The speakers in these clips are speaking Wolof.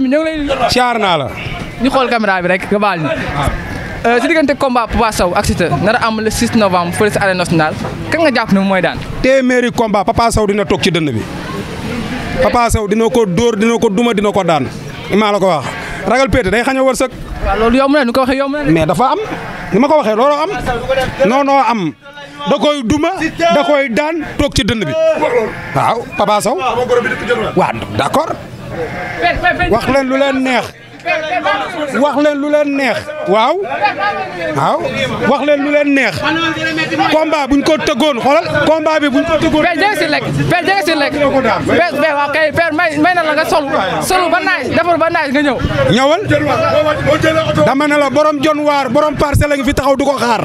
bi ñu ngi lay. naa la. ñu xool caméra bi rek nga baal ñu. Euh, si diggante combat Papa Sow ak Siteu nar a am le 6 novembre fële si arène nationale kan nga jàpp ne mooy daan. téeméeri combat Papa Sow dina toog ci dënn bi Papa saw dina ko dóor dina ko duma dina ko daan maa la ko wax ragal péete day xañ a wërsëg. waaw loolu yomb na nu ko waxee yomb na mais dafa am ni ma ko waxee loolu am non am da koy duma da koy daan toog ci dënn bi waaw Papa Sow waaw d'accord. wax leen lu leen neex wax leen lu leen neex waaw waaw wax lu leen neex combat buñ ko tëggoon xoolal combat bi buñ ko tëggoon père jege si lekk père jege si lekk père waaw kay père may na la nga sol sol ba naaj defar ba naaj nga ñëw ñëwal dama ne la borom jon waar borom parcelle la fi taxaw di ko xaar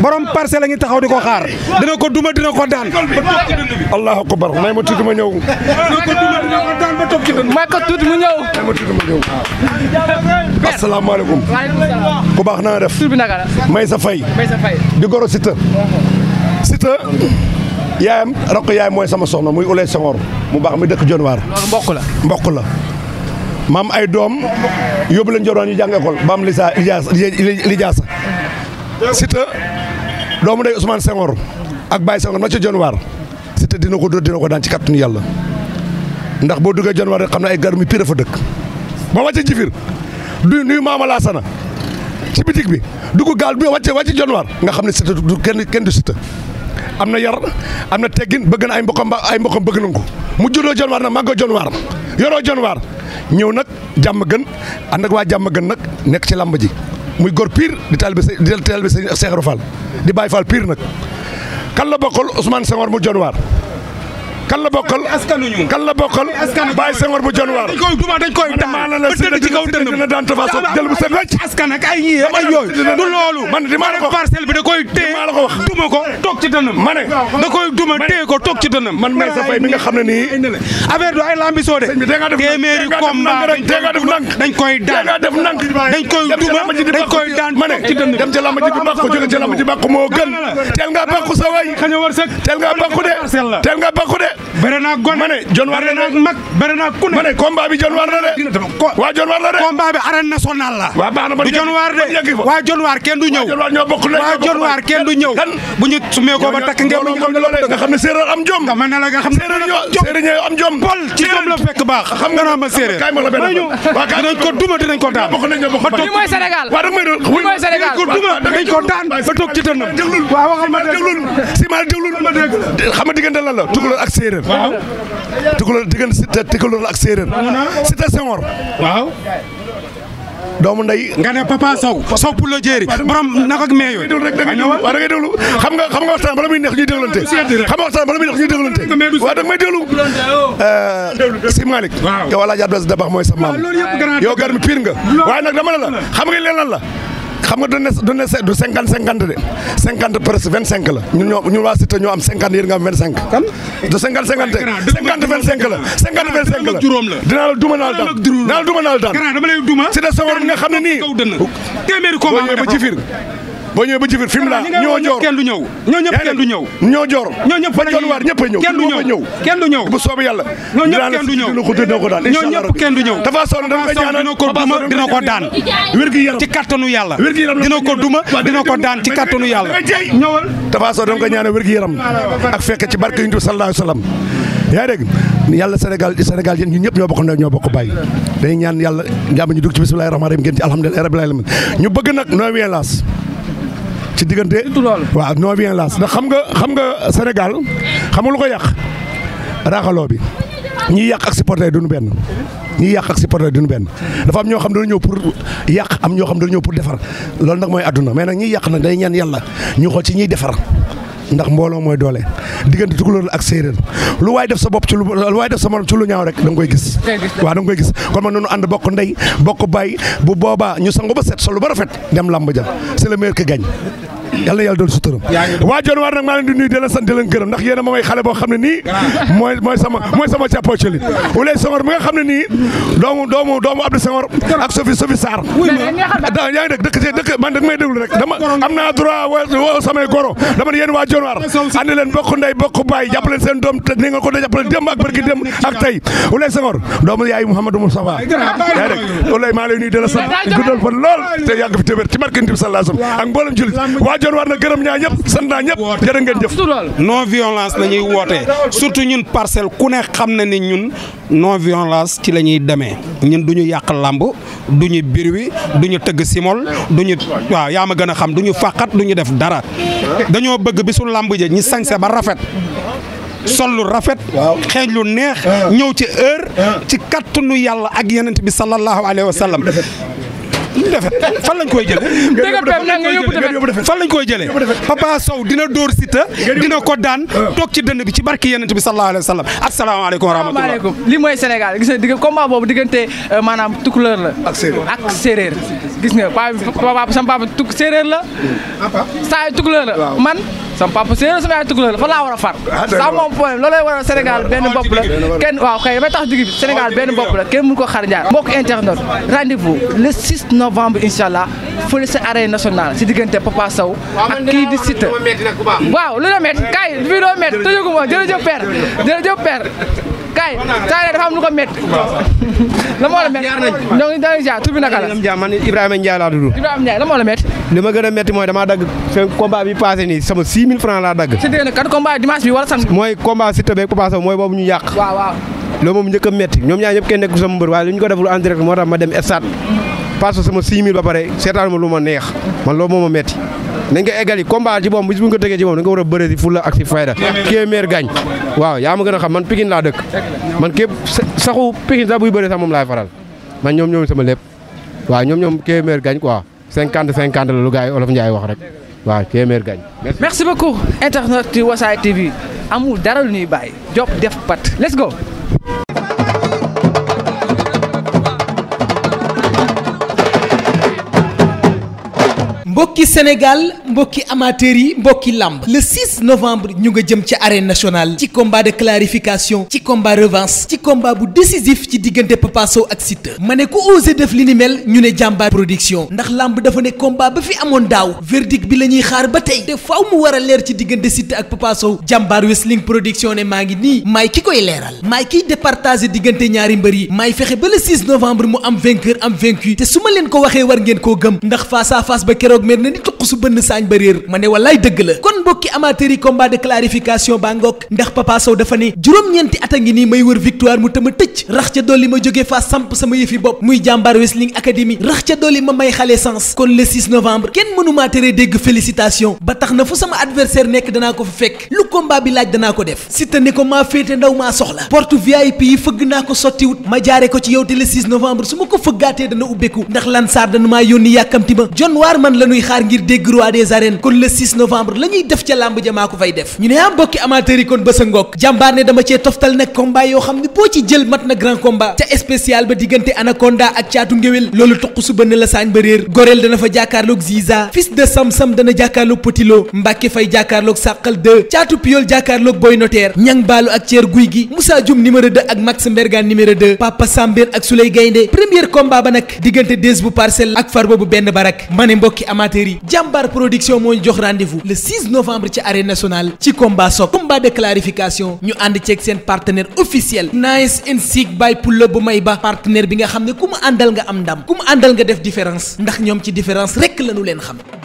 borom parcelle la ngi taxaw di ko xaar dina ko duma dina ko daan allahu akbar may ma tuuti ma ñëw ko duma dina ko daan ba toog ci mu ñëw asalaamaaleykum. ku baax naa def. tur bi naka la. Maysa Faye. di goro Siteu. Siteu yaayam rakk yaayam mooy sama soxna muy Ulay Senghor mu baax mi dëkk Jonwaar. loolu mbokk la mbokk la. maam ay doom yóbbu leen Jonwaar ñu jàng école baam lijaa Lidiasa. Siteu doomu day Ousmane Senghor ak Baye Senghor ma ca Jonwaar Siteu dina ko dóor dina ko daan ci kàttanu yàlla ndax boo duggee Jonwaar rek xam ne ay garmi pire fa dëkk. ba wàcce jifir du nuyu Maama Laasana ci bitik bi dugg gaal bi wàcce wàcce jonwaar nga xam ne Siteu du kenn kenn du Siteu am na yar am na teggin bëgg na ay mbokkam ba ay mbokkam bëgg nañ ko mu juddoo jonwaar nag màggoo jonwaar yoroo jonwaar ñëw nag jàmm gën ànd ak waa jàmm gën nag nekk ci làmb ji muy gor pire di taalibe di taalibe Seex Ibra di Baay Fall piir nag kan la bokkal Ousmane Senghor mu jonwaar kan la bokkal askanuñu kan la bokkal Baye Senghor bu Dionewar dañ koy duma dañ koy daal ba tëdd ci kaw dënnam dina daan Tapha Sow jël bu set wecc askan ak ay ñii ay yooyu du loolu man dima la ko parcelle bi da koy téye la ko wax duma ko toog ci dënnam ma ne da koy duma téye ko toog ci dënnam man may sa fay mi nga xam ne nii affaire du ay lambiso de téeméeri combat dañ koy daan def nank dañ koy duma dañ koy daan ma ne dem ci lamb ji bi bàkku jóge ci lamb ji bàkku moo gën teel nga bàkku sa way xañu war sëkk teel nga bàkku de teel nga bàkku de bëre naa gone ma ne jon war na de mag bëre naa ku na de waa jon du jon de waa jon waar du ñëw bu ñu sumee ba takk ngeen nga xam ne séeréer am jom dama ne la nga xam ne séeréer am jom pol ci jom la fekk baax xam nga naa ma séeréer mañu dinañ waa dag may ko duma dinañ ko daan ba toog ci tënnam waa waxal ma déglul si ma déglul xam séeréer. waaw. tukulóor diggante Siteu tukulóor la ak séeréer. Siteu Senghor. waaw. doomu nday nga de Papa Sow Sow pour le jéeri borom naka ak mee yooyu waaw da ngay déglu xam nga xam nga waxtaan bala muy neex ñuy déglante xam nga waxtaan bala muy neex ñuy déglante waaw da nga may déglu euh, si Malick yow Alaaji Abdoulaye Dabax mooy sa maam yow gar piir nga waaye nag dama ne xam nga leen lan la xam nga doon na doon na du cinquante cinquante de cinquante presque vingt cinq la ñun ñoo ñun waa ñoo am cinquante yéen nga am vingt cinq. kan du cinquante cinquante cinquante vingt cinq la cinquante vingt cinq la dinaa la duma naal daan dinaa la duma naal daan. Cité Senghor nga xam ne nii boo ñëwee ba ci biir fi mu la ñoo joor kenn du ñëw ñoo ñëpp kenn du ñëw ñoo joor ñoo ñëpp fa joor waar ñëpp a ñëw kenn du ñëw kenn du ñëw bu soobee yàlla ñoo ñëpp kenn du ñëw ñoo ko duma dina ko daan wér gi yaram ci kattanu yàlla dina ko duma dina ci kattanu yàlla ñëwal dafa sonn dama ko ñaanal wér gi yaram ak fekk ci barke yuntu sallallahu alayhi wasallam yaa dégg yàlla Sénégal Sénégal yéen ñun ñëpp ñoo bokk ndaw ñoo bokk bàyyi dañuy ñaan yàlla jàmm ñu dugg ci bismillahi rahmaani ngeen ci alhamdulillahi rabbil alamin ñu bëgg nag no violence ci diggante waaw non violence ndax xam nga xam nga Sénégal xam nga lu ko yàq raaxaloo bi ñiy yàq ak supporter duñu benn ñiy yàq ak supporter duñu benn dafa am ñoo xam dañu ñëw pour yàq am ñoo xam dañu ñëw pour defar loolu nag mooy àdduna mais nag ñiy yàq na day ñaan yàlla ñu xool ci ñiy defar ndax mbooloo mooy doole diggante tukulóor ak séeréer lu waay def sa bopp ci lu lu waay def sa morom ci lu ñaaw rek da koy gis waaw da koy gis kon man noonu ànd bokk ndey bokk baay bu boobaa ñu sangu ba set solu ba rafet dem làmb ja c'est le meilleur que gagne yal na yàlla doon suturam waa joon waar nag maa leen di nuyu gërëm ndax yéen a ma xam ne nii mooy sama mooy sama càppoo ci li Ouleye Senghor nga xam ne nii doomu doomu doomu Abdou ak Sophie Sophie Sarr da yaa ngi dëkk dëkk see dëkk man dag may déglu rek dama am naa droit woo samay goro dama ne yéen waa joon waar andi leen bokk ndey bokk baay ah. jàppaleen seen doom te nga ko da jàppaleen démb ak barki démb ak tey Ouleye Senghor doomu yaay Mouhamadou Moustapha yaa Dior war na gërëm ñaa ñëpp sant naa ñëpp jërë ngeen jëf ah, non violence la ñuy wootee surtout ñun parcelle ku ne xam na ni ñun non violence ci la ñuy demee ñun du ñu yàq làmb du ñu birwi du ñu tëgg simol du ñu waaw yaa ma gën a xam du ñu fàqat du ñu def dara dañoo bëgg bi su làmb ja ñu sañse ba rafet sol lu rafet xeeñ lu neex ah. ñëw ci heure ah. ci kattanu yàlla ak yenent bi sallallahu alayhi wa sallam defet fan lañ koy jële fan lañ koy jëlee Papa Sow dina dóor Siteu dina ko daan toog ci dënn bi ci barki Yonent bi sallallahu alayhi wa sallam asalaamaaleykum wa rahmatullah li mooy Sénégal gis nga digg combat boobu diggante euh, maanaam tukulóor la ak séeréer gis nga papa sama papa tuk séeréer la saa tukulóor la man sama papa séeréer sama yaay la fa laa war a far ah, sa moom problème loolay war a Sénégal benn bopp la kenn waaw kay damay tax digg Sénégal ah, benn bopp la kenn mënu ko mbokk internet rendez le 6 novembre incha allah fële sa arène si diggante Papa Sow ak kii di Siteu waaw lu la métti kaay fii doo métti tëjaguma jërëjëf père jërëjëf père kay Saare dafa am lu ko métti. la moo la métti ñoo ngi dañuy jaar tur bi naka la. man Ibrahima Ndiaye laa tudd. la moo la métti. li ma gën a métti mooy damaa dagg seen combat bi passé nii sama 6000 francs laa dagg. Siteu nag kat combat dimanche bi wala samedi. mooy combat Siteu beeg Papa Sow mooy boobu ñu yàq. waaw moom njëkk a métti ñoom ñaar ñëpp kenn nekkul sama mbër waaye lu ñu ko deful en direct moo tax dem stade parce sama 6000 ba pare seetaan ma lu ma neex man loolu moo ma metti nañ ko eggali combat ci moom bis bu ñu ko tegee ci moom da war a bëre si fulla ak si fayda kéeméer gañ waaw yaa ma gën a xam man Pikine laa dëkk man képp saxu Pikine sax buy bëre sax moom laay faral man ñoom ñoom sama lépp waaw ñoom ñoom kéeméer gañ quoi 50 cinquante la lu gars yi olof Ndiaye wax rek waaw kéeméer gañ. merci beaucoup internet Wassare TV amul dara lu ñuy bàyyi Diop def pat let's go. mbokki Sénégal mbokki amateur yi mbokki làmb le 6 novembre ñu nga jëm ci arène nationale ci combat de clarification ci combat revanche ci combat bu décisif ci diggante Papa Sow ak Siteu ma ne ku osé def li ni mel ñu ne jàmbaar production ndax làmb dafa ne combat ba fi amoon daaw verdict bi la ñuy xaar ba tey te faaw mu war a leer ci diggante Siteu ak Papa Sow jàmbaar wrestling production ne maa ngi nii maay ki koy leeral maay kiy départager diggante ñaari mbër yi maay fexe ba ma leen ko waxee war ngeen sañ ba réer ma ne wallaay dëgg la kon mbokki amateur yi combat de clarification baa ngook ndax Papa Sow dafa ne juróom-ñeenti at a ngi nii may wër victoire mu tëma tëcc rax ca dolli ma jógee faa samp sama yëfi bopp muy jàmbaar wrestling academy rax ca dolli ma may xale sens kon le 6 kenn mënumaa tere dégg félicitation ba tax na fu sama adversaire nekk danaa ko fa fekk lu combat bi laaj danaa ko def si te ne ko maa féete ndaw maa soxla porte VIP yi fëgg naa ko sottiwut ma jaare ko ci yow te ma ko fëggaatee dana ubbeku ndax la ñuy xaar ngir dégg des arènes kon le 6 novembre la ñuy def ca làmb ja ko fay def ñu ne ah mbokki amateurs kon bés a ngoog jàmbaar ne dama cee toftal nag combat yoo xam ne boo ci jël mat na grand combat ca spécial ba diggante anaconda ak caatu ngéwél loolu toq su bënn la saañ ba réer goreel dana fa jàkkaarloog Ziza fils de Samsam dana jàkkaarloog Potilo Mbàkke fay jàkkaarloog Sàqal 2 caatu Piyol jàkkaarloog Boy Notaire ñang baalu ak Ceer Guy gi Moussa Dioum numéro 2 ak Max Mbergan numéro 2 Papa Samber ak Souley Gaynde premier combat ba bu parcelle ak farba bu benn barak ma yi jàmbaar production moo jox rendez-vous le 6 novembre ci arène nationale ci combat soog combat de clarification ñu ànd ceeg seen partenaire officiel Nice and Sick by Pulla bu may ba partenaire bi nga xam ne ku mu àndal nga am ndam ku mu àndal nga def différence ndax ñoom ci différence rek lañu leen xam.